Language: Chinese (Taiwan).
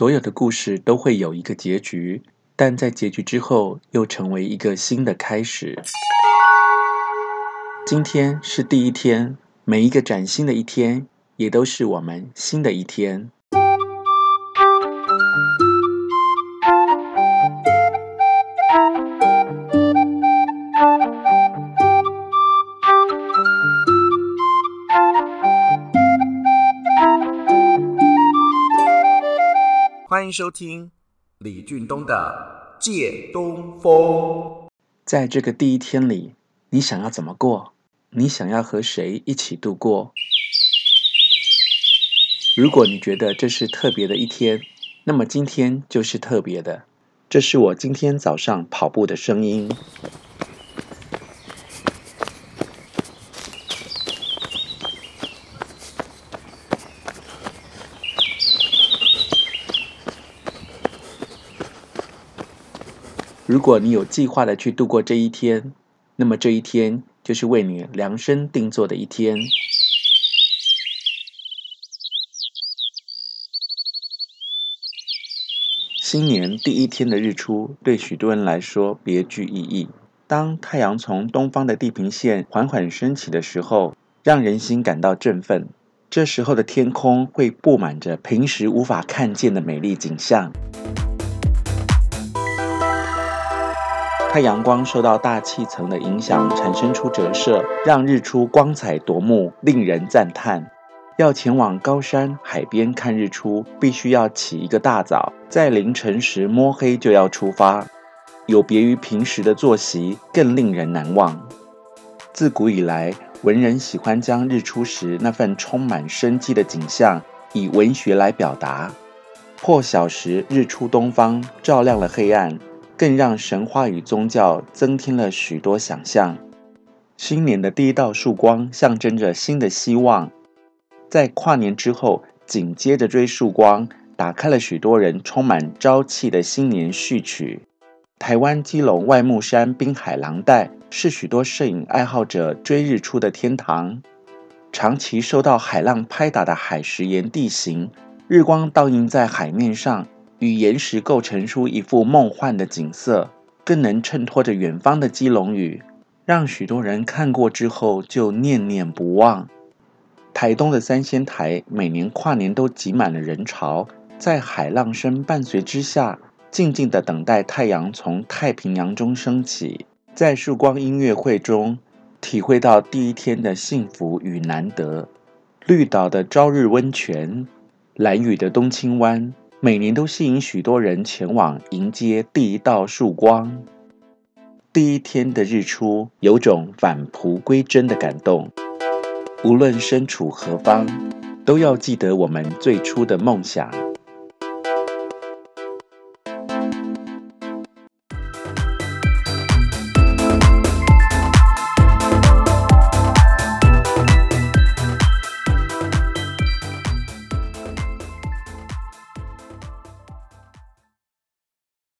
所有的故事都會有一個結局，但在結局之後又成為一個新的開始。今天是第一天，每一個嶄新的一天，也都是我們新的一天。歡迎收聽李俊東的《借東風》。在這個第一天裡，你想要怎麼過？你想要和誰一起度過？如果你覺得這是特別的一天，那麼今天就是特別的。這是我今天早上跑步的聲音。如果你有計劃的去度過這一天，那麼這一天就是為你量身定做的一天。新年第一天的日出對許多人來說別具意義。當太陽從東方的地平線緩緩升起的時候，讓人心感到振奮。這時候的天空會布滿着平時無法看見的美麗景象。太陽光受到大氣層的影響，產生出折射，讓日出光彩奪目，令人讚嘆。要前往高山海邊看日出，必須要起一個大早，在凌晨時摸黑就要出發，有別於平時的作息，更令人難忘。自古以來，文人喜歡將日出時那份充滿生機的景象以文學來表達。破曉時，日出東方，照亮了黑暗。更讓神話與宗教增添了許多想象。新年的第一道曙光象徵着新的希望，在跨年之後，緊接着追曙光，打開了許多人充滿朝氣的新年序曲。台灣基隆外木山濱海廊帶是許多攝影愛好者追日出的天堂。長期受到海浪拍打的海蝕岩地形，日光倒映在海面上。與岩石構成出一幅夢幻的景色，更能襯托着遠方的基隆嶼，讓許多人看過之後就念念不忘。台東的三仙台每年跨年都擠滿了人潮，在海浪聲伴隨之下，靜靜地等待太陽從太平洋中升起，在曙光音樂會中體會到第一天的幸福與難得。綠島的朝日溫泉，蘭嶼的東清灣。每年都吸引許多人前往迎接第一道曙光。第一天的日出有種返璞歸真的感動。無論身處何方，都要記得我們最初的夢想。